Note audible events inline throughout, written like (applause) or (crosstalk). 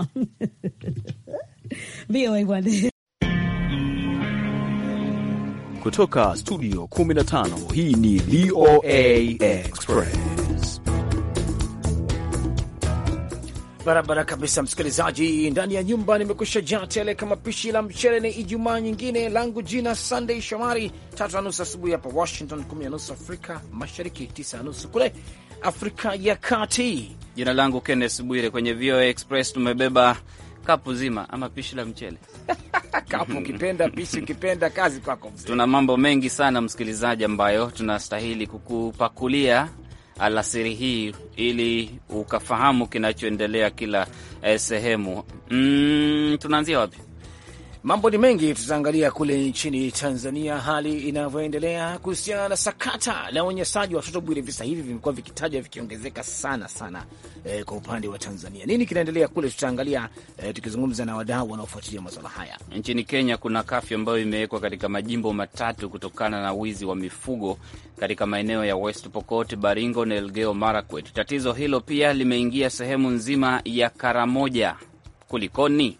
(laughs) VOA bwana kutoka studio 15 hii ni VOA Express barabara kabisa msikilizaji ndani ya nyumba nimekusha jaa tele kama pishi la mchele ni ijumaa nyingine langu jina Sunday Shomari tatu na nusu asubuhi hapa Washington kumi na nusu Afrika Mashariki tisa na nusu kule Afrika ya Kati. Jina langu kennes Bwire, kwenye VOA Express tumebeba kapu zima ama pishi la mchele (laughs) kapu ukipenda, pishi ukipenda, kazi kwako mzee. Tuna mambo mengi sana msikilizaji, ambayo tunastahili kukupakulia alasiri hii ili ukafahamu kinachoendelea kila eh, sehemu. Mm, tunaanzia wapi? Mambo ni mengi, tutaangalia kule nchini Tanzania hali inavyoendelea kuhusiana na sakata la unyanyasaji wa watoto Bwire. Visa hivi vimekuwa vikitajwa vikiongezeka sana sana, eh, kwa upande wa Tanzania. Nini kinaendelea kule? Tutaangalia eh, tukizungumza na wadau wanaofuatilia masuala haya. Nchini Kenya kuna kafyu ambayo imewekwa katika majimbo matatu kutokana na wizi wa mifugo katika maeneo ya West Pokot, Baringo na Elgeyo Marakwet. Tatizo hilo pia limeingia sehemu nzima ya Karamoja. Kulikoni?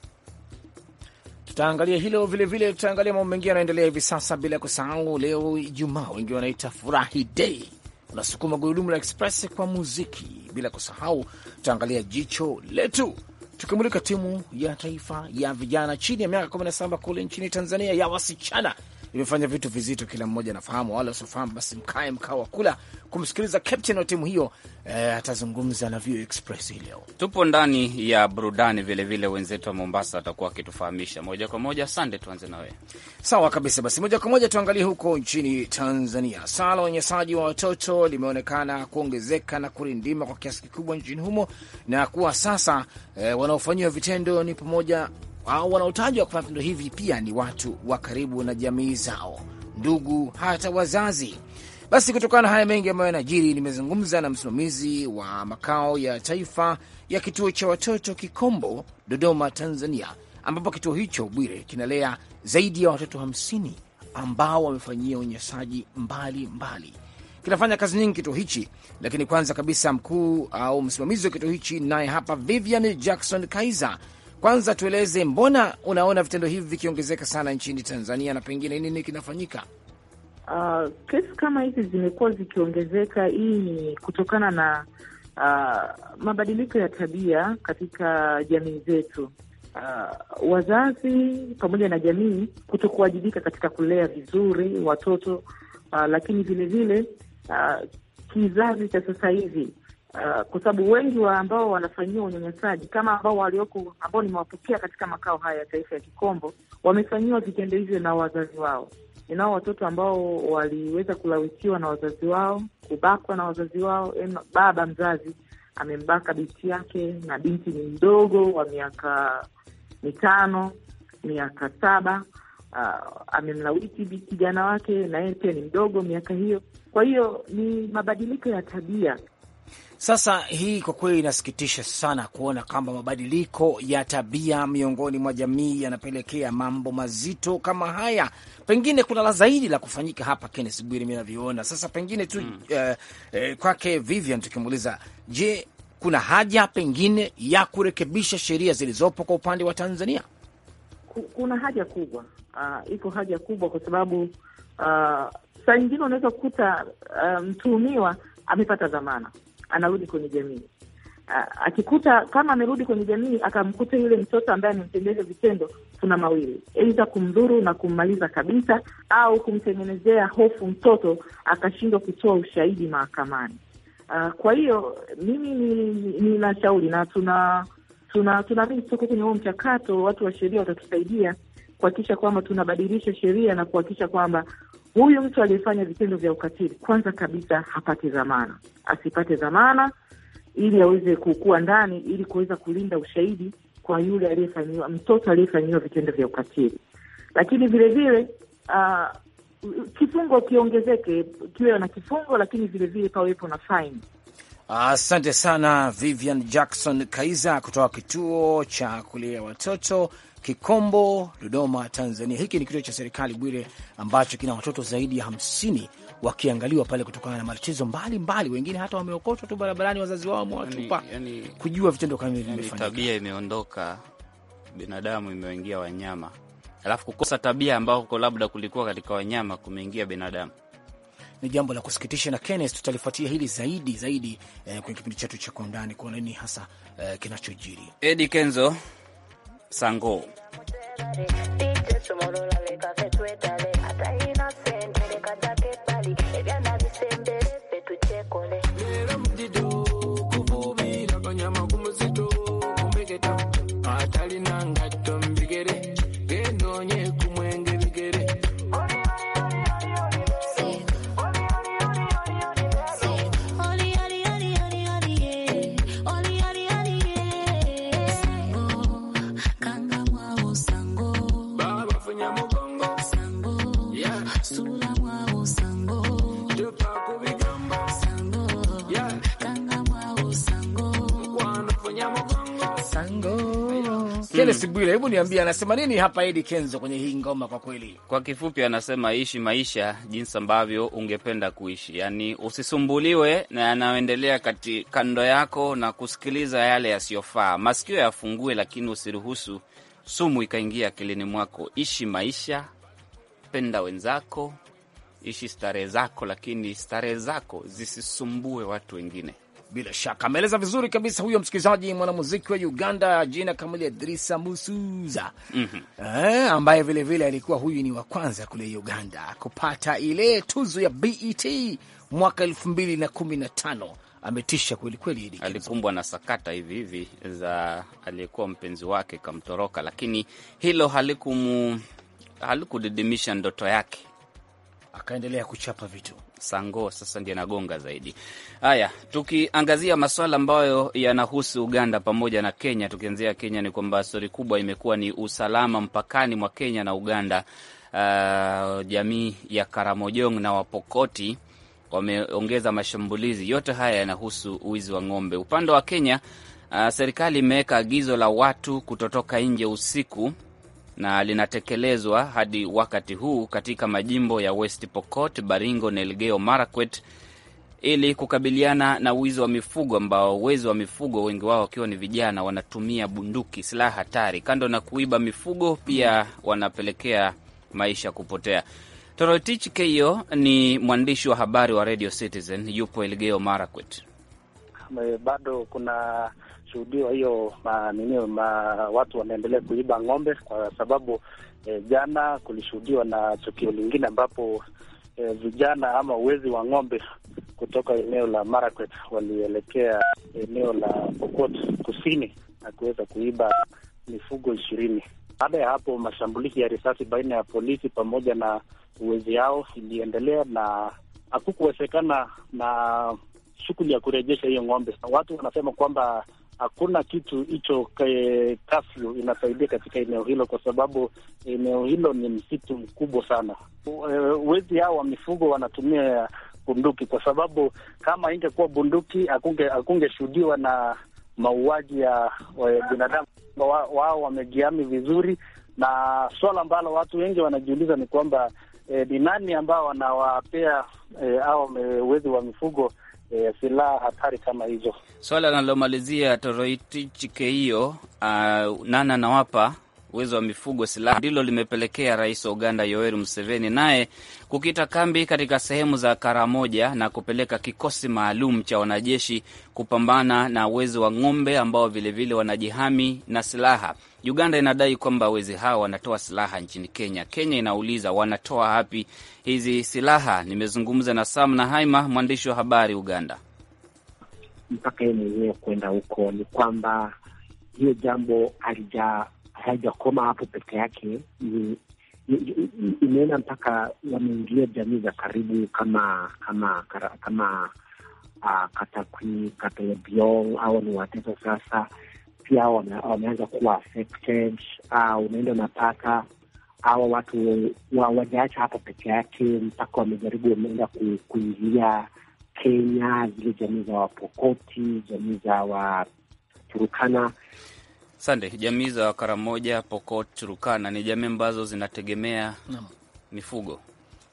tutaangalia hilo vilevile, tutaangalia mambo mengine yanaendelea hivi sasa, bila kusahau leo Ijumaa, wengi wanaita furahi dei, unasukuma gurudumu la express kwa muziki, bila kusahau tutaangalia jicho letu tukimulika timu ya taifa ya vijana chini ya miaka 17 kule nchini Tanzania ya wasichana imefanya vitu vizito, kila mmoja anafahamu. Wale wasiofahamu basi mkae mkao wa kula kumsikiliza captain wa timu hiyo eh, atazungumza na View Express hii leo. Tupo ndani ya burudani vilevile, wenzetu wa Mombasa watakuwa wakitufahamisha moja kwa moja. Sande, tuanze na wewe. Sawa kabisa, basi moja kwa moja tuangalie huko nchini Tanzania. Sala la unyanyasaji wa watoto limeonekana kuongezeka na kurindima kwa kiasi kikubwa nchini humo na kuwa sasa eh, wanaofanyiwa vitendo ni pamoja au ah, wanaotajwa kufanya vitendo hivi pia ni watu wa karibu na jamii zao, ndugu, hata wazazi. Basi kutokana na haya mengi ambayo yanajiri, nimezungumza na msimamizi wa makao ya taifa ya kituo cha watoto Kikombo, Dodoma, Tanzania, ambapo kituo hicho Bwire kinalea zaidi ya watoto hamsini ambao wamefanyia unyanyasaji mbali. Kinafanya kazi nyingi kituo hichi, lakini kwanza kabisa mkuu au msimamizi wa kituo hichi naye hapa Vivian Jackson Kaiser kwanza tueleze, mbona unaona vitendo hivi vikiongezeka sana nchini Tanzania na pengine nini kinafanyika? Uh, kesi kama hizi zimekuwa zikiongezeka. Hii ni kutokana na uh, mabadiliko ya tabia katika jamii zetu. Uh, wazazi pamoja na jamii kutokuwajibika katika kulea vizuri watoto uh, lakini vilevile uh, kizazi cha sasa hivi Ah, kwa sababu wengi wa ambao wanafanyiwa unyanyasaji kama ambao walioko ambao nimewapokea katika makao haya ya taifa ya Kikombo wamefanyiwa vitendo hivyo na wazazi wao. Ninao watoto ambao waliweza kulawitiwa na wazazi wao, kubakwa na wazazi wao. Eno, baba mzazi amembaka binti yake na binti ni mdogo wa miaka mitano, miaka saba. Uh, amemlawiti kijana wake na yeye pia ni mdogo miaka hiyo. Kwa hiyo ni mabadiliko ya tabia sasa hii kwa kweli inasikitisha sana kuona kwamba mabadiliko ya tabia miongoni mwa jamii yanapelekea mambo mazito kama haya. Pengine kuna la zaidi la kufanyika hapa, Kennes Bwiri, mi navyoona. Sasa pengine tu hmm. eh, eh, kwake Vivian tukimuuliza, je, kuna haja pengine ya kurekebisha sheria zilizopo kwa upande wa Tanzania? Kuna haja kubwa, uh, ah, iko haja kubwa kwa sababu uh, saa nyingine unaweza kukuta uh, mtuhumiwa amepata dhamana anarudi kwenye jamii. Akikuta kama amerudi kwenye jamii akamkuta yule mtoto ambaye amemtendeza vitendo, kuna mawili, aidha kumdhuru na kummaliza kabisa, au kumtengenezea hofu mtoto akashindwa kutoa ushahidi mahakamani. Uh, kwa hiyo mimi ninashauri ni, ni na tuna tuna tunaamini tuko kwenye huo mchakato, watu wa sheria watatusaidia kuhakikisha kwamba tunabadilisha sheria na kuhakikisha kwamba huyu mtu aliyefanya vitendo vya ukatili, kwanza kabisa hapate dhamana, asipate dhamana ili aweze kukua ndani, ili kuweza kulinda ushahidi kwa yule aliyefanyiwa, mtoto aliyefanyiwa vitendo vya ukatili. Lakini vilevile uh, ah, kifungo kiongezeke, kiwe na kifungo, lakini vilevile pawepo na faini. Asante sana Vivian Jackson Kaiza kutoka kituo cha kulia watoto Kikombo, Dodoma, Tanzania. Hiki ni kituo cha serikali Bwire, ambacho kina watoto zaidi ya hamsini wakiangaliwa pale kutokana na matatizo mbalimbali, wengine hata wameokotwa tu barabarani, wazazi wao wamewatupa yani, yani, kujua vitendo kama hivi vimefanyika. tabia imeondoka binadamu, imewaingia wanyama, alafu kukosa tabia ambako labda kulikuwa katika wanyama kumeingia binadamu ni jambo la kusikitisha, na Kenneth, tutalifuatia hili zaidi zaidi eh, kwenye kipindi chetu cha Kwa Undani, kuona nini hasa eh, kinachojiri. Edi Kenzo, Sango. Kenneth Bwire, hebu niambie anasema nini hapa Eddie Kenzo kwenye hii ngoma? Kwa kweli, kwa kifupi, anasema ishi maisha jinsi ambavyo ungependa kuishi, yaani usisumbuliwe na yanayoendelea kati kando yako na kusikiliza yale yasiyofaa. Masikio yafungue, lakini usiruhusu sumu ikaingia akilini mwako. Ishi maisha, penda wenzako, ishi starehe zako, lakini starehe zako zisisumbue watu wengine. Bila shaka ameeleza vizuri kabisa huyo msikilizaji, mwanamuziki wa Uganda jina kamili Idrisa Musuza mm -hmm. eh, ambaye vilevile vile alikuwa huyu ni wa kwanza kule Uganda kupata ile tuzo ya BET mwaka elfu mbili na kumi na tano. Ametisha kwelikweli, alikumbwa na sakata hivi hivi za aliyekuwa mpenzi wake kamtoroka, lakini hilo halikumu halikudidimisha ndoto yake, akaendelea kuchapa vitu Sango sasa ndiye nagonga zaidi. Haya, tukiangazia masuala ambayo yanahusu Uganda pamoja na Kenya, tukianzia Kenya ni kwamba stori kubwa imekuwa ni usalama mpakani mwa Kenya na Uganda. Uh, jamii ya Karamojong na Wapokoti wameongeza mashambulizi. Yote haya yanahusu wizi wa ng'ombe. Upande wa Kenya, uh, serikali imeweka agizo la watu kutotoka nje usiku na linatekelezwa hadi wakati huu katika majimbo ya West Pokot, Baringo, Nelgeyo Marakwet ili kukabiliana na wizi wa mifugo ambao wezi wa mifugo wengi wao wakiwa ni vijana wanatumia bunduki, silaha hatari. Kando na kuiba mifugo, pia wanapelekea maisha kupotea. Torotich Keyo ni mwandishi wa habari wa Radio Citizen, yupo Elgeyo Marakwet. Eh, bado kuna imeshuhudiwa hiyo ma, nini, ma, watu wanaendelea kuiba ng'ombe kwa sababu e, jana kulishuhudiwa na tukio lingine ambapo e, vijana ama uwezi wa ng'ombe kutoka eneo la Marakwet walielekea eneo la Pokot kusini na kuweza kuiba mifugo ishirini. Baada ya hapo mashambulizi ya risasi baina ya polisi pamoja na uwezi hao iliendelea na hakukuwezekana na shughuli ya kurejesha hiyo ng'ombe. Watu wanasema kwamba hakuna kitu hicho eh, kafyu inasaidia katika eneo hilo, kwa sababu eneo hilo ni msitu mkubwa sana. Eh, wezi hao wa mifugo wanatumia bunduki, kwa sababu kama ingekuwa bunduki hakungeshuhudiwa na mauaji ya eh, binadamu. Wao wamejiami vizuri, na swala ambalo watu wengi wanajiuliza ni kwamba ni e, nani ambao wanawapea eh, au wezi wa mifugo Eh, silaha hatari kama hizo. Swala analomalizia Toroitich ah, Keio uh, nana nawapa uwezo wa mifugo silaha, ndilo limepelekea rais wa Uganda Yoweri Museveni naye kukita kambi katika sehemu za Karamoja na kupeleka kikosi maalum cha wanajeshi kupambana na wezi wa ng'ombe ambao vilevile wanajihami na silaha. Uganda inadai kwamba wezi hao wanatoa silaha nchini Kenya. Kenya inauliza wanatoa hapi hizi silaha? Nimezungumza na Samna Haima, mwandishi wa habari Uganda. Mpaka yeye mwenyewe kwenda huko ni kwamba hiyo jambo alija haijakoma hapo peke yake, imeenda mpaka wameingia jamii za karibu kama kama kama uh, Katakwi, Katelebiong au ni Wateso sasa pia wameanza kuwa affected. Ah, unaenda unapata hawa watu wajaacha hapo peke yake, mpaka wamejaribu wameenda kuingilia Kenya, zile jamii za Wapokoti, jamii za Waturukana Sande, jamii za Karamoja, Pokot, Turukana ni jamii ambazo zinategemea no. mifugo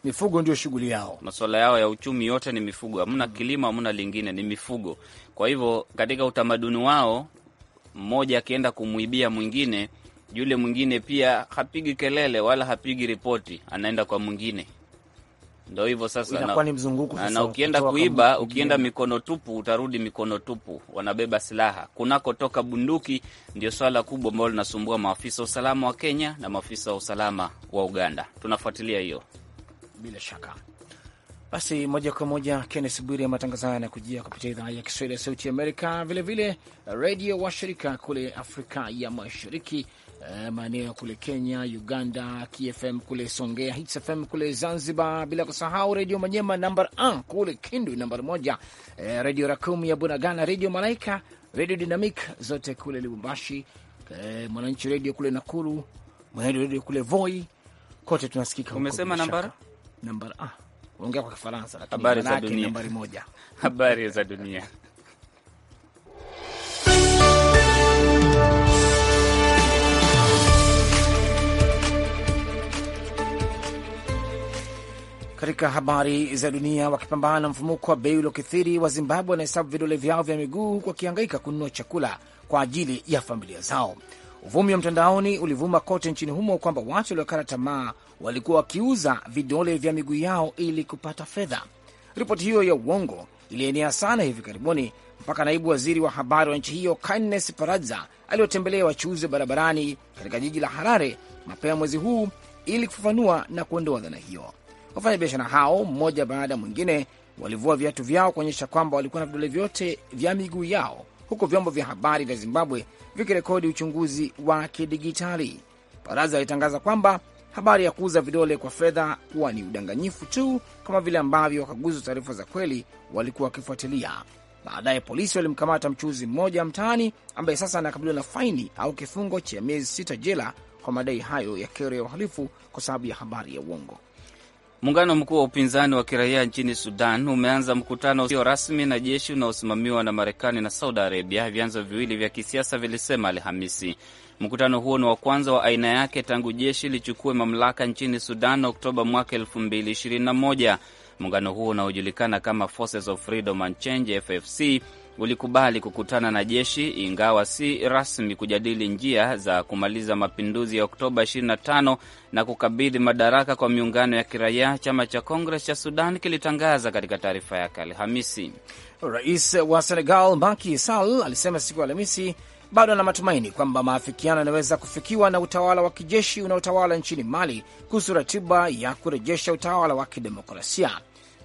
mifugo ndio shughuli yao, masuala yao ya uchumi yote ni mifugo. Hamna mm. kilimo, hamna lingine, ni mifugo. Kwa hivyo katika utamaduni wao, mmoja akienda kumwibia mwingine, yule mwingine pia hapigi kelele wala hapigi ripoti, anaenda kwa mwingine. Ndo hivyo sasa, na, ni mzunguko Na ukienda kuiba, ukienda mikono tupu, utarudi mikono tupu, wanabeba silaha. Kunakotoka bunduki ndio swala kubwa ambalo linasumbua maafisa wa usalama wa Kenya na maafisa wa usalama wa Uganda. Tunafuatilia hiyo bila shaka. Basi moja kwa moja, Kennes Bwiri ya matangazo haya yanakujia kupitia idhaa ya Kiswahili ya Sauti Amerika, vilevile redio washirika kule Afrika ya Mashariki Eh, maeneo ya kule Kenya, Uganda, KFM kule Songea, Hits FM kule Zanzibar, bila kusahau Redio Manyema namba a kule Kindu namba moja, eh, Redio Rakum ya Bunagana, Redio Malaika, Redio Dinamik zote kule Lubumbashi, eh, Mwananchi Redio kule Nakuru, Mwanaredio Redio kule Voi, kote tunasikika. Umesema nambar nambar ah, ongea kwa Kifaransa lakini nambari moja. Habari za dunia Katika habari za dunia, wakipambana na mfumuko wa bei uliokithiri wa Zimbabwe wanahesabu vidole vyao vya miguu huku wakihangaika kununua chakula kwa ajili ya familia zao. Uvumi wa mtandaoni ulivuma kote nchini humo kwamba watu waliokata tamaa walikuwa wakiuza vidole vya miguu yao ili kupata fedha. Ripoti hiyo ya uongo ilienea sana hivi karibuni mpaka naibu waziri wa habari wa nchi hiyo Kindness Paradza aliotembelea wachuuzi wa barabarani katika jiji la Harare mapema mwezi huu ili kufafanua na kuondoa dhana hiyo. Wafanyabiashara hao mmoja baada ya mwingine walivua viatu vyao kuonyesha kwamba walikuwa na vidole vyote vya miguu yao, huku vyombo vya habari vya Zimbabwe vikirekodi uchunguzi wa kidigitali. Baraza alitangaza kwamba habari ya kuuza vidole kwa fedha kuwa ni udanganyifu tu, kama vile ambavyo wakaguzi wa taarifa za kweli walikuwa wakifuatilia. Baadaye polisi walimkamata mchuuzi mmoja mtaani ambaye sasa anakabiliwa na faini au kifungo cha miezi sita jela kwa madai hayo ya kero ya uhalifu kwa sababu ya habari ya uongo. Muungano mkuu wa upinzani wa kiraia nchini Sudan umeanza mkutano usio rasmi na jeshi unaosimamiwa na Marekani na Saudi Arabia, vyanzo viwili vya kisiasa vilisema Alhamisi. Mkutano huo ni wa kwanza wa aina yake tangu jeshi lichukue mamlaka nchini Sudan Oktoba mwaka 2021. Muungano huo unaojulikana kama Forces of Freedom and Change, FFC ulikubali kukutana na jeshi ingawa si rasmi kujadili njia za kumaliza mapinduzi ya Oktoba 25 na kukabidhi madaraka kwa miungano ya kiraia. Chama cha Kongres cha Sudan kilitangaza katika taarifa yake Alhamisi. Rais wa Senegal Macky Sall alisema siku ya Alhamisi bado ana matumaini kwamba maafikiano yanaweza kufikiwa na utawala wa kijeshi unaotawala nchini Mali kuhusu ratiba ya kurejesha utawala wa kidemokrasia.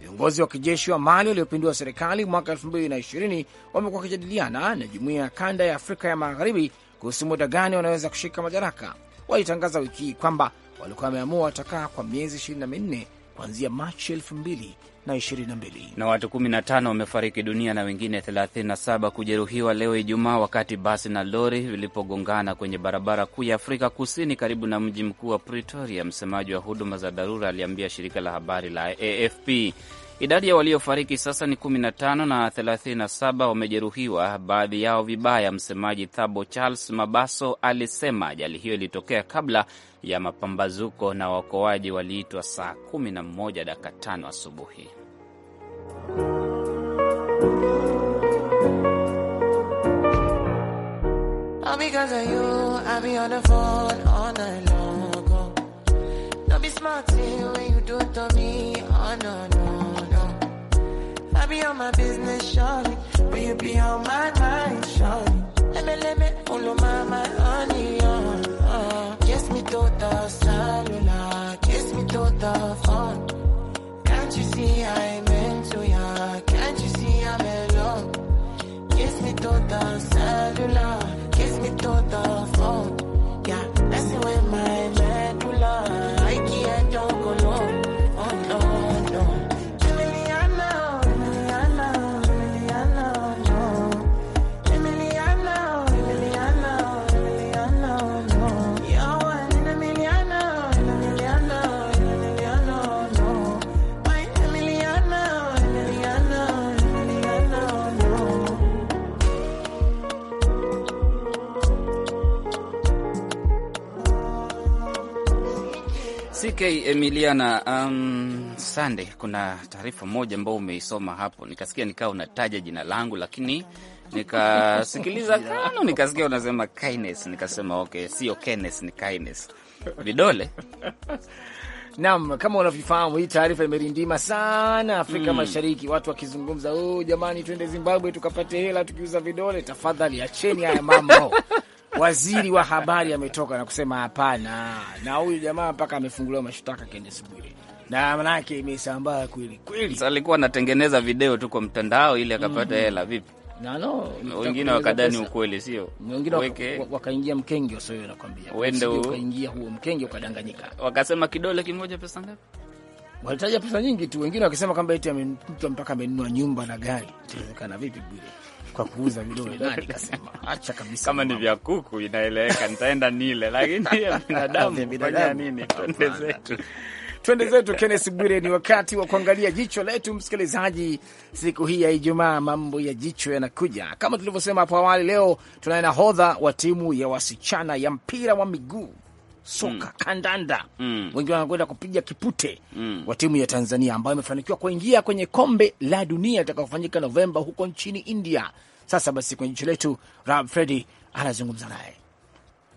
Viongozi wa kijeshi wa Mali waliopindua serikali mwaka 2020 wamekuwa wakijadiliana na jumuiya ya kanda ya Afrika ya Magharibi kuhusu muda gani wanaweza kushika madaraka. Walitangaza wiki hii kwamba walikuwa wameamua watakaa kwa miezi 24 kuanzia Machi 2020 na 22 na watu 15 wamefariki dunia na wengine 37 kujeruhiwa leo Ijumaa wakati basi na lori vilipogongana kwenye barabara kuu ya Afrika Kusini karibu na mji mkuu wa Pretoria. Msemaji wa huduma za dharura aliambia shirika la habari la AFP Idadi ya waliofariki sasa ni 15 na 37 wamejeruhiwa, baadhi yao vibaya. Msemaji Thabo Charles Mabaso alisema ajali hiyo ilitokea kabla ya mapambazuko na waokoaji waliitwa saa 11 dakika 5 asubuhi. I be on my business, shawty. Will you be on my mind, shawty? Let me, let me, follow my, my honey, uh, uh. Kiss me to the cellular, kiss me to the phone. Okay, Emiliana, um, Sande, kuna taarifa moja ambayo umeisoma hapo, nikasikia nikawa unataja jina langu, lakini nikasikiliza kano, nikasikia unasema kindness, nikasema okay, sio kindness, ni kindness vidole (laughs) Nam, kama unavyofahamu hii taarifa imerindima sana Afrika mm, Mashariki, watu wakizungumza, oh, jamani, twende Zimbabwe tukapate hela tukiuza vidole. Tafadhali acheni haya mambo (laughs) waziri wa habari ametoka na kusema hapana, na huyu jamaa mpaka amefunguliwa mashtaka Kenneth Bwire na manake imesambaa kweli kweli. Sasa alikuwa anatengeneza video tu kwa mtandao ili akapata mhm. hela mm -hmm. Vipi nalo wengine wakadani ukweli sio, wengine wakaingia mkenge usio, nakwambia ukaingia huo mkenge ukadanganyika, wakasema kidole kimoja pesa ngapi? Walitaja pesa nyingi tu, wengine wakisema kwamba eti mtu mpaka amenunua nyumba na gari. Inawezekana vipi Bwire? kwa kuuza vidole na nikasema acha kabisa. Kama ni vya kuku inaeleweka, nitaenda nile, lakini (laughs) ya binadamu fanya nini? Twende zetu twende zetu. Kenneth Bwire, ni wakati wa kuangalia jicho letu, msikilizaji. Siku hii ya Ijumaa mambo ya jicho yanakuja kama tulivyosema hapo awali. Leo tunaye nahodha wa timu ya wasichana ya mpira wa miguu soka mm. kandanda mm. wengi wanakwenda kupiga kipute mm. wa timu ya Tanzania ambayo imefanikiwa kuingia kwenye kombe la dunia itakayofanyika Novemba huko nchini India. Sasa basi, kwenye jicho letu Rahab Fredi anazungumza naye.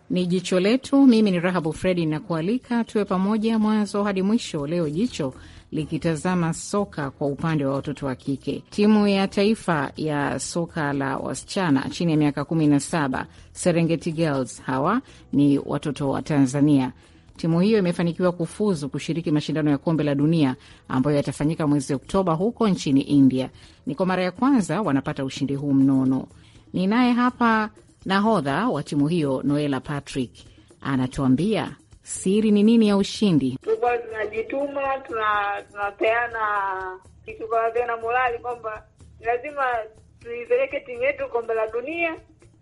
Ni jicho letu. Mimi ni Rahabu Fredi, nakualika tuwe pamoja mwanzo hadi mwisho. Leo jicho likitazama soka kwa upande wa watoto wa kike. Timu ya taifa ya soka la wasichana chini ya miaka 17 Serengeti Girls, hawa ni watoto wa Tanzania. Timu hiyo imefanikiwa kufuzu kushiriki mashindano ya kombe la dunia ambayo yatafanyika mwezi Oktoba huko nchini India. Ni kwa mara ya kwanza wanapata ushindi huu mnono. Ni naye hapa nahodha wa timu hiyo Noela Patrick anatuambia Siri ni nini ya ushindi? Tulikuwa tunajituma, tunapeana tukawapeana morali kwamba lazima tuipeleke timu yetu kombe la dunia,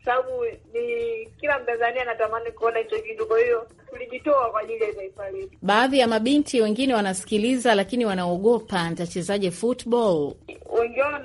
sababu ni kila Mtanzania anatamani kuona hicho kitu. Kwa hiyo tulijitoa kwa ajili ya taifa letu. Baadhi ya mabinti wengine wanasikiliza, lakini wanaogopa, nitachezaje football? Wengi wao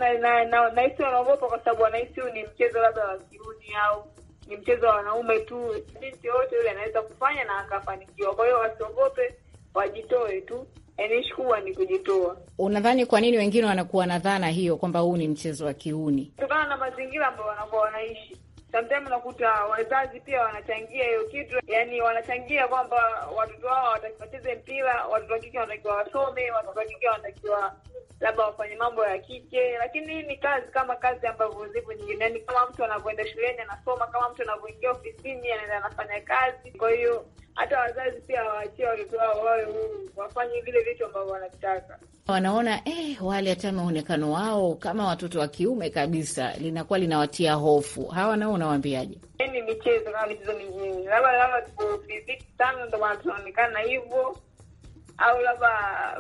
nahisi wanaogopa, kwa sababu wanahisi huu ni mchezo labda wa kiuni au ni mchezo wa wanaume tu, binti yoyote yule anaweza kufanya na akafanikiwa. Kwa hiyo wasiogope, wajitoe tu. Enishi yaani ni kujitoa. Unadhani kwa nini wengine wanakuwa na dhana hiyo kwamba huu ni mchezo wa kiuni? Kutokana na mazingira ambayo wanakuwa wanaishi sometimes unakuta wazazi pia wanachangia hiyo kitu, yani wanachangia kwamba watoto wao watakiwa wacheze mpira, watoto wa kike wanatakiwa wasome, watoto wa kike wanatakiwa labda wafanye mambo ya kike, lakini hii ni kazi kama kazi ambavyo zipo nyingine. Yani kama mtu anavyoenda shuleni anasoma, kama mtu anavyoingia ofisini anaenda anafanya kazi, kwa hiyo hata wazazi pia waachie watoto wao wawe huru, wafanye vile vitu ambavyo wanavitaka Wanaona eh, wale hata maonekano wao kama watoto wa kiume kabisa linakuwa linawatia hofu. Hawa nao unawaambiaje? Ni yaani michezo kama michezo mingine, labda labda tuko sana, ndo maana tunaonekana hivyo, au labda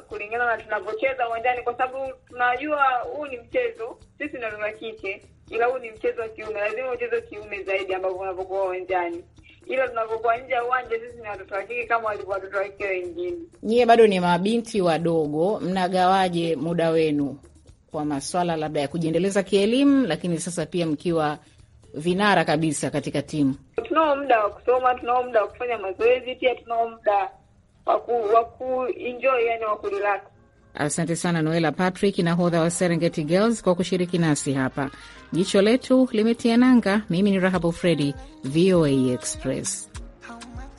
kulingana na tunavyocheza uwanjani, kwa sababu tunajua huu ni mchezo. Sisi nalula kike, ila huu ni mchezo wa kiume, lazima ucheze kiume zaidi ambavyo unavyokuwa uwanjani ila tunavyokuwa nje ya uwanja, sisi ni watoto wa kike kama walivyo watoto wa kike wengine. Nyie bado ni mabinti wadogo, mnagawaje muda wenu kwa maswala labda ya kujiendeleza kielimu, lakini sasa pia mkiwa vinara kabisa katika timu? Tunao muda wa kusoma, tunao muda wa kufanya mazoezi, pia tunao muda wa kuenjoy, yani wa kurelax. Asante sana Noela Patrick, hodha wa Serengeti Girls, kwa kushiriki nasi hapa. Jicho letu limetia nanga. Mimi ni Rahabu Fredi, VOA Express.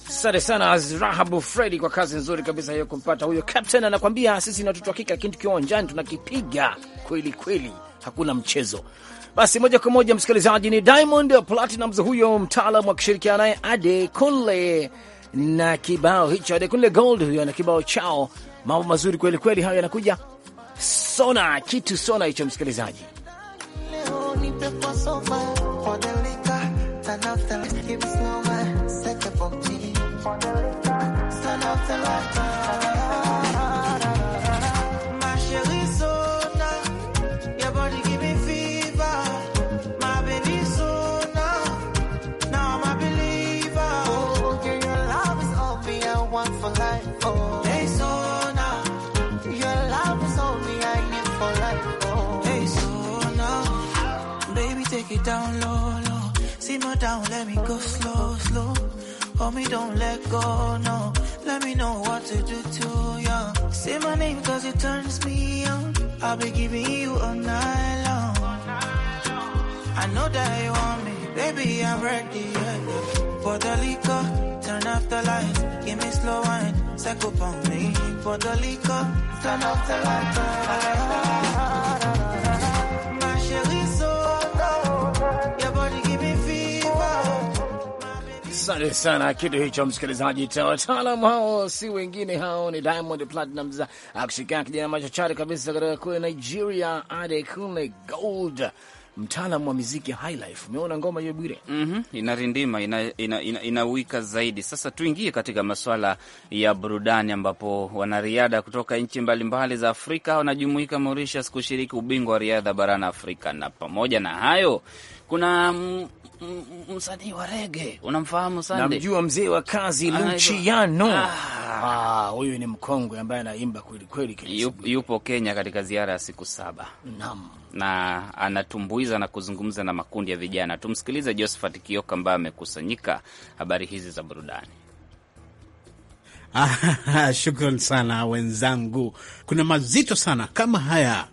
Asante sana Rahabu Fredi kwa kazi nzuri kabisa hiyo, kumpata huyo captain. Anakwambia sisi na watoto wa lakini tukiwa uwanjani tunakipiga kweli kweli, hakuna mchezo. Basi moja kwa moja, msikilizaji, ni Diamond Platinumz huyo mtaalamu akishirikiana naye Ade kule na kibao hicho. Ade Gold huyo na kibao chao Mambo mazuri kweli kweli, hayo yanakuja. Sona kitu sona hicho, msikilizaji down low, low. see me down, let me go slow, slow. Hold me, don't let go, no. Let me know what to do to ya. Say my name cause it turns me on. I'll be giving you all night long. I know that you want me, baby, I'm ready. Yeah, For the liquor, turn off the lights. Give me slow wine, psycho on me. For the liquor, turn off the lights. Asante sana kitu hicho, msikilizaji. Wataalam hao si wengine, hao ni Diamond Platnumz akishirikiana kijana machachari kabisa kutoka kule Nigeria, Adekunle Gold, mtaalam wa muziki highlife. Umeona ngoma hiyo Bwire? mm -hmm. Inarindima, inawika ina, ina, ina zaidi. Sasa tuingie katika masuala ya burudani, ambapo wanariadha kutoka nchi mbalimbali za Afrika wanajumuika Mauritius kushiriki ubingwa wa riadha barani Afrika, na pamoja na hayo kuna msanii wa rege unamfahamu sana, namjua mzee wa kazi Luciano. Ah. ah, huyu ni mkongwe ambaye anaimba kweli kweli, yupo, Kenya katika ziara ya siku saba. Naam, na anatumbuiza na kuzungumza na makundi ya vijana. Tumsikilize Josephat Kioko ambaye amekusanyika habari hizi za burudani. Ah, (laughs) shukran sana wenzangu, kuna mazito sana kama haya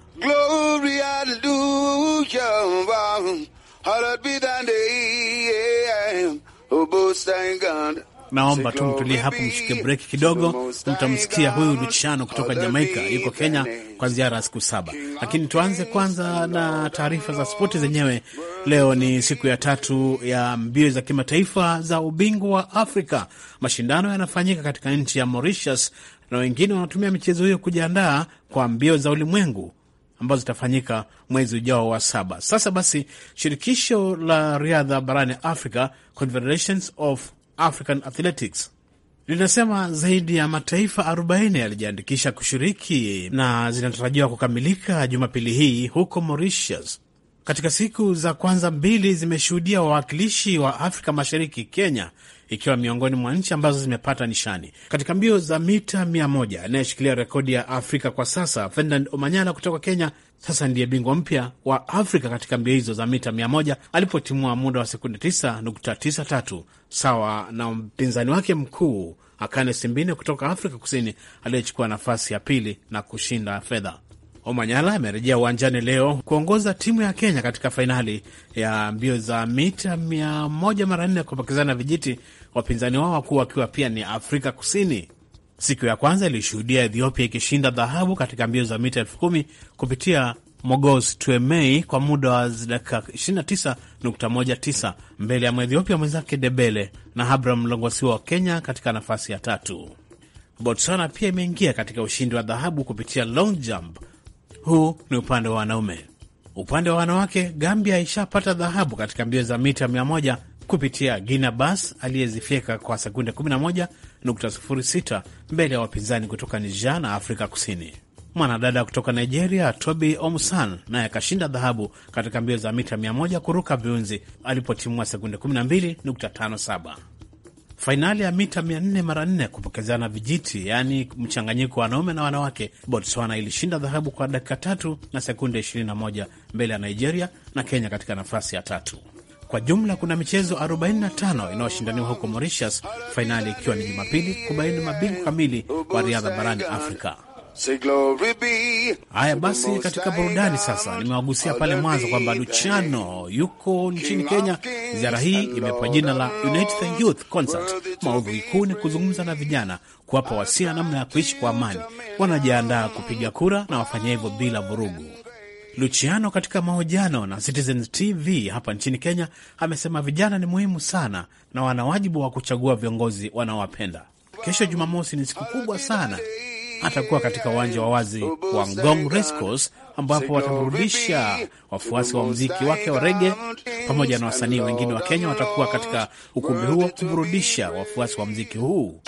naomba tu mtulie hapo, mshike breki kidogo. Mtamsikia huyu duchano kutoka Jamaika, yuko Kenya kwa ziara ya siku saba. Lakini tuanze kwanza na taarifa za spoti zenyewe. Leo ni siku ya tatu ya mbio za kimataifa za ubingwa wa Afrika. Mashindano yanafanyika katika nchi ya Mauritius na wengine wanatumia michezo hiyo kujiandaa kwa mbio za ulimwengu ambazo zitafanyika mwezi ujao wa saba. Sasa basi, shirikisho la riadha barani Africa, Confederations of African Athletics, linasema zaidi ya mataifa 40 yalijiandikisha kushiriki na zinatarajiwa kukamilika Jumapili hii huko Mauritius. Katika siku za kwanza mbili zimeshuhudia wawakilishi wa Afrika Mashariki, Kenya ikiwa miongoni mwa nchi ambazo zimepata nishani katika mbio za mita mia moja. Anayeshikilia rekodi ya Afrika kwa sasa Ferdinand Omanyala kutoka Kenya sasa ndiye bingwa mpya wa Afrika katika mbio hizo za mita mia moja alipotimua muda wa sekunde 9.93 sawa na mpinzani wake mkuu Akane Simbine kutoka Afrika Kusini aliyechukua nafasi ya pili na kushinda fedha. Omanyala amerejea uwanjani leo kuongoza timu ya Kenya katika fainali ya mbio za mita mia moja mara nne kupokezana vijiti, wapinzani wao wakuu wakiwa pia ni Afrika Kusini. Siku ya kwanza ilishuhudia Ethiopia ikishinda dhahabu katika mbio za mita elfu kumi kupitia Mogos Tuemei kwa muda wa dakika 29.19 mbele ya Mwethiopia mwenzake Debele na Abraham mlongosiwa wa Kenya katika nafasi ya tatu. Botswana pia imeingia katika ushindi wa dhahabu kupitia long jump huu ni upande wa wanaume. Upande wa wanawake, Gambia ishapata dhahabu katika mbio za mita 100 kupitia Gina Bas aliyezifyeka kwa sekunde 11.06 mbele ya wapinzani kutoka Niger na Afrika Kusini. Mwanadada kutoka Nigeria toby Omsan naye akashinda dhahabu katika mbio za mita 100 kuruka viunzi alipotimua sekunde 12.57 fainali ya mita mia nne mara nne kupokezana vijiti, yaani mchanganyiko wanaume na wanawake. Botswana ilishinda dhahabu kwa dakika tatu na sekunde 21 mbele ya Nigeria na Kenya katika nafasi ya tatu. Kwa jumla kuna michezo 45 inayoshindaniwa huko Mauritius, fainali ikiwa ni Jumapili kubaini mabingwa kamili wa riadha barani Afrika. Haya basi, katika burudani sasa, nimewagusia pale mwanzo kwamba Luciano yuko nchini Kenya. Ziara hii imepewa jina la Unite the Youth Concert. Maudhui kuu ni kuzungumza na vijana, kuwapa wasia namna ya kuishi kwa amani, wanajiandaa kupiga kura na wafanya hivyo bila vurugu. Luciano katika mahojiano na Citizen TV hapa nchini Kenya amesema vijana ni muhimu sana na wana wajibu wa kuchagua viongozi wanaowapenda. Kesho Jumamosi ni siku kubwa sana atakuwa katika uwanja wa wazi wa Ngong Racecourse ambapo ataburudisha wafuasi wa mziki wake wa rege pamoja na wasanii wengine wa Kenya watakuwa katika ukumbi huo kumrudisha wafuasi wa mziki huu.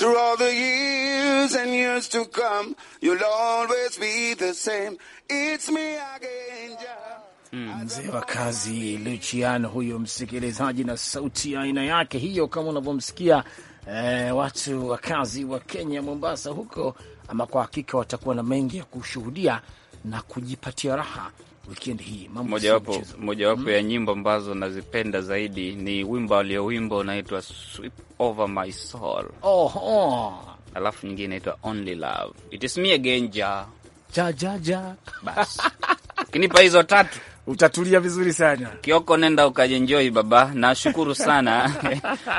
Hmm, mzee wa kazi Luciano huyo, msikilizaji, na sauti ya aina yake hiyo, kama unavyomsikia eh, watu wa kazi wa Kenya Mombasa huko ama kwa hakika watakuwa na mengi ya kushuhudia na kujipatia raha wikendi hii. Mojawapo moja mm, ya nyimbo ambazo nazipenda zaidi ni wimbo aliowimba unaitwa Sweep Over My Soul. Alafu nyingine inaitwa Only Love. It is me again, ja. Ja, ja, ja. Bas. hizo tatu utatulia vizuri sana. Kioko, nenda ukajenjoi baba. Nashukuru sana (laughs)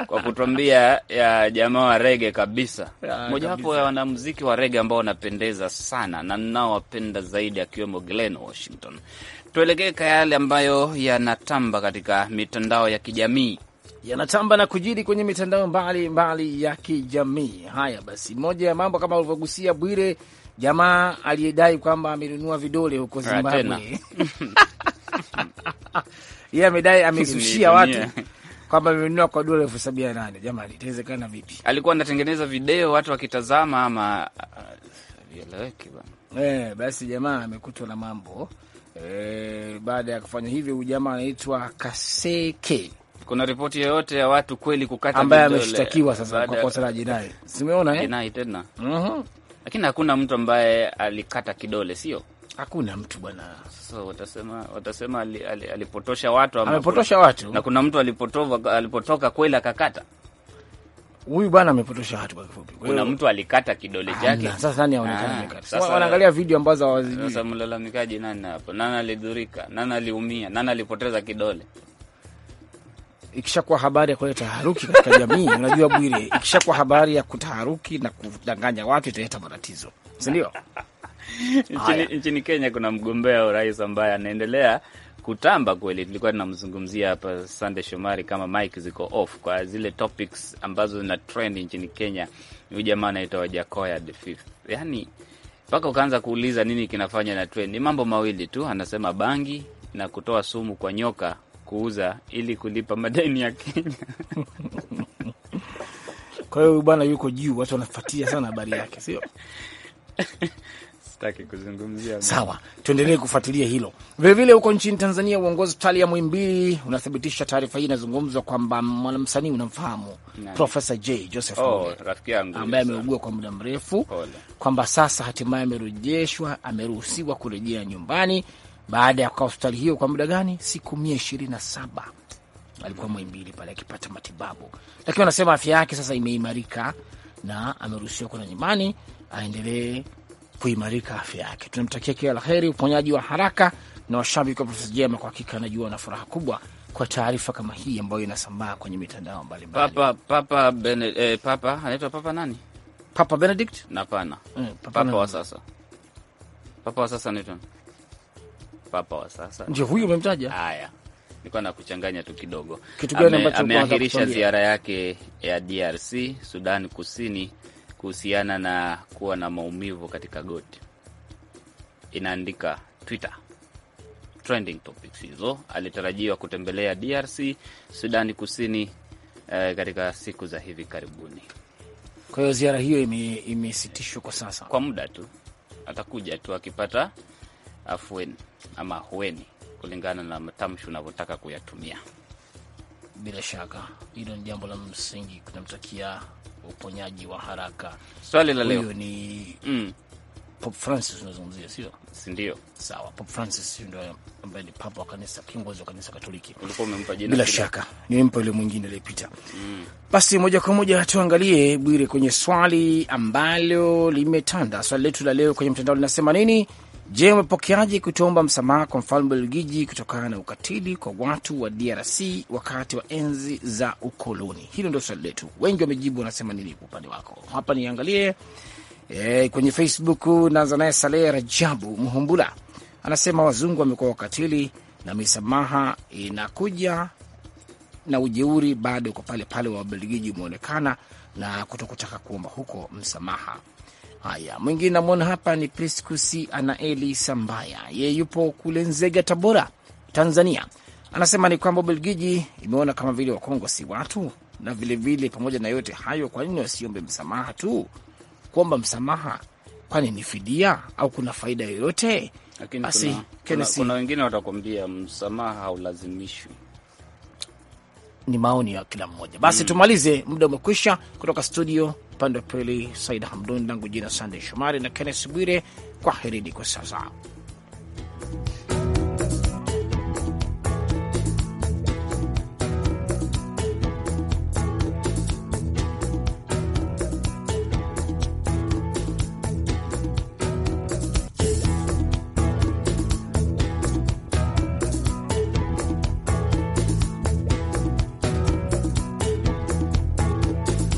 kwa kutwambia ya jamaa wa rege kabisa, mojawapo ya wanamuziki wa rege ambao wanapendeza sana na ninaowapenda zaidi, akiwemo Glen Washington. Tuelekee ka yale ambayo yanatamba katika mitandao ya kijamii yanatamba na kujiri kwenye mitandao mbali mbali ya kijamii. Haya basi, moja ya mambo kama ulivyogusia Bwire, jamaa aliyedai kwamba amenunua vidole huko Zimbabwe (laughs) (laughs) yeye amedai amezushia watu kwamba amenunua kwa dola elfu sabini na nane. Jamani, itawezekana vipi? Alikuwa anatengeneza video watu wakitazama ama vieleweki uh, bana. Eh, basi jamaa amekutwa na mambo eh. Baada ya kufanya hivyo, huyu jamaa anaitwa Kaseke. Kuna ripoti yoyote ya watu kweli kukata ambaye ameshtakiwa sasa kwa kosa la jinai, simeona eh, jinai tena, mhm. lakini hakuna mtu ambaye alikata kidole, sio Hakuna mtu bwana. So, watasema watasema alipotosha ali, watu amepotosha watu, na kuna mtu alipotoka, alipotoka kweli akakata. Huyu bwana amepotosha watu kwa kifupi. Kuna mtu alikata kidole ah, chake. Sasa nani aonekana ah, amekata? Wanaangalia video ambazo hawazijui. Sasa mlalamikaji nani hapo? Nani alidhurika? Nani aliumia? Nani alipoteza kidole? Ikishakuwa habari ya kuleta taharuki katika jamii, (laughs) unajua Bwire, ikishakuwa habari ya kutaharuki na kudanganya watu italeta matatizo, si ndio? (laughs) nchini, Kenya kuna mgombea urais ambaye anaendelea kutamba kweli. Tulikuwa tunamzungumzia hapa Sande Shomari kama mike ziko off kwa zile topics ambazo zina trend nchini Kenya. Huyu jamaa anaitwa Wajakoya the Fifth, yani mpaka ukaanza kuuliza nini kinafanya na trend. Ni mambo mawili tu, anasema bangi na kutoa sumu kwa nyoka kuuza ili kulipa madeni ya Kenya. (laughs) Kwa hiyo bwana yuko juu, watu wanafuatia sana habari yake, sio? (laughs) sitaki kuzungumzia. Sawa, tuendelee kufuatilia hilo vilevile. Huko nchini Tanzania, uongozi hospitali ya Muhimbili unathibitisha taarifa hii inazungumzwa kwamba mwanamsanii unamfahamu Profesa J Joseph oh, rafiki yangu ambaye ameugua kwa muda mrefu, kwamba sasa hatimaye amerejeshwa, ameruhusiwa kurejea nyumbani baada ya kukaa hospitali hiyo kwa muda gani? Siku mia ishirini na saba alikuwa Muhimbili pale akipata matibabu, lakini wanasema afya yake sasa imeimarika na ameruhusiwa kwenda nyumbani aendelee kuimarika afya yake. Tunamtakia kila la heri, uponyaji wa haraka na washabiki wa Profesa Jema kwa hakika anajua na furaha kubwa kwa taarifa kama hii ambayo inasambaa kwenye mitandao mbalimbali. Papa papa Bene, eh, papa anaitwa papa nani? Papa Benedict? Hapana. Eh, papa, papa wa sasa. Papa wa sasa anaitwa papa wa sasa. Ndio huyu umemtaja? Haya. Nilikuwa nakuchanganya tu kidogo. Kitu gani ambacho ameahirisha ziara yake ya DRC, Sudan Kusini kuhusiana na kuwa na maumivu katika goti. Inaandika Twitter trending topics hizo. Alitarajiwa kutembelea DRC, Sudani Kusini eh, katika siku za hivi karibuni. Kwa hiyo ziara hiyo imesitishwa kwa sasa, kwa muda tu. Atakuja tu akipata afueni ama ahueni, kulingana na matamshi unavyotaka kuyatumia bila shaka hilo ni jambo la msingi, tunamtakia uponyaji wa haraka. Swali la leo ni mm. Pop Francis unazungumzia, sio ndio? Sawa, Pop Francis ndio ambaye ni papa wa kanisa, kiongozi wa kanisa Katoliki. Ulikuwa umempa jina bila shaka, nimempa ile mwingine aliyepita. mm. Basi moja kwa moja tuangalie Bwire kwenye swali ambalo limetanda. Swali letu la leo kwenye mtandao linasema nini? Je, umepokeaje kutoomba msamaha kwa mfalme Belgiji kutokana na ukatili kwa watu wa DRC wakati wa enzi za ukoloni? Hilo ndio swali letu. Wengi wamejibu, wanasema nini upande wako? Hapa niangalie e, kwenye Facebook. Naanza naye Saleh Rajabu Mhumbula anasema wazungu wamekuwa wakatili na misamaha inakuja na ujeuri bado kwa pale pale wa Belgiji umeonekana na kutokutaka kuomba huko msamaha. Haya, mwingine namwona hapa ni Priskusi Anaeli Sambaya, yeye yupo kule Nzega, Tabora, Tanzania. Anasema ni kwamba Ubelgiji imeona kama vile Wakongo si watu, na vilevile vile, pamoja na yote hayo, kwa nini wasiombe msamaha tu? Kuomba msamaha kwani ni fidia au kuna faida yoyote? Lakini kuna, kuna, kuna wengine watakwambia msamaha haulazimishwi ni maoni ya kila mmoja. Basi mm, tumalize, muda umekwisha. Kutoka studio upande wa pili, Saida Hamdun, langu jina Sandey Shomari na Kennes Bwire. Kwaherini kwa sasa.